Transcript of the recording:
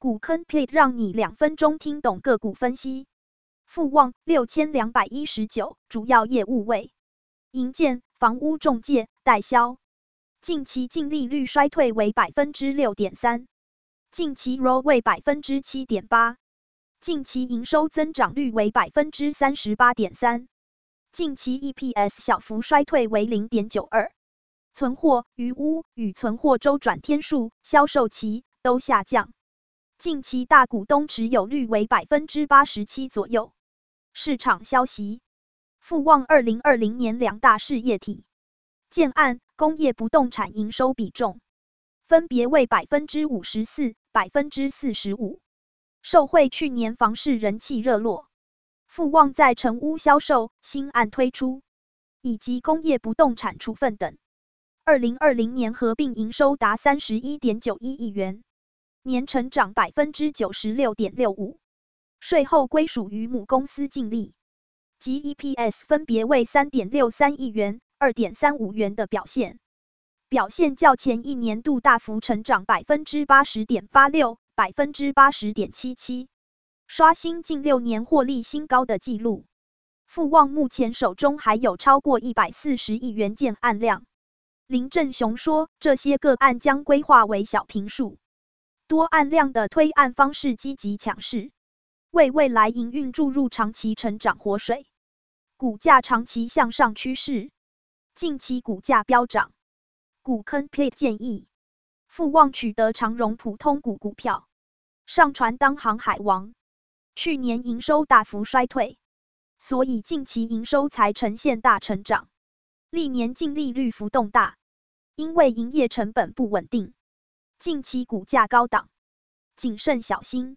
股坑 please 讓你兩分鐘聽懂個股分析。富旺六千兩百一十九，主要業務為營建、房屋仲介、代銷。近期淨利率衰退為百分之六點三，近期 ROE 為百分之七點八，近期營收增長率為百分之三十八點三，近期 EPS 小幅衰退為零點九二。存貨、餘屋與存貨周轉天數、銷售期都下降。近期大股東持有率為百分之八十七左右。市場消息，富旺二零二零年兩大事業體建案工業不動產營收比重分別為百分之五十四、百分之四十五。受惠去年房市人氣熱絡，富旺在成屋銷售、新案推出以及工業不動產處分等，二零二零年合併營收達三十一點九一億元。年成長百分之九十六點六五，稅後歸屬於母公司淨利及 EPS 分別為三點六三億元、二點三五元的表現，表現較前一年度大幅成長百分之八十點八六、百分之八十點七七，刷新近六年獲利新高的紀錄。富旺目前手中還有超過一百四十億元建案量，林正雄說，這些個案將規劃為小坪數。多案量的推案方式積極強勢，為未來營運注入,入長期成長活水，股價長期向上趨勢，近期股價飆漲。股坑派建議，富旺取得長榮普通股股票，上傳當航海王。去年營收大幅衰退，所以近期營收才呈現大成長。歷年淨利率浮動大，因為營業成本不穩定。近期股價高檔，謹慎小心。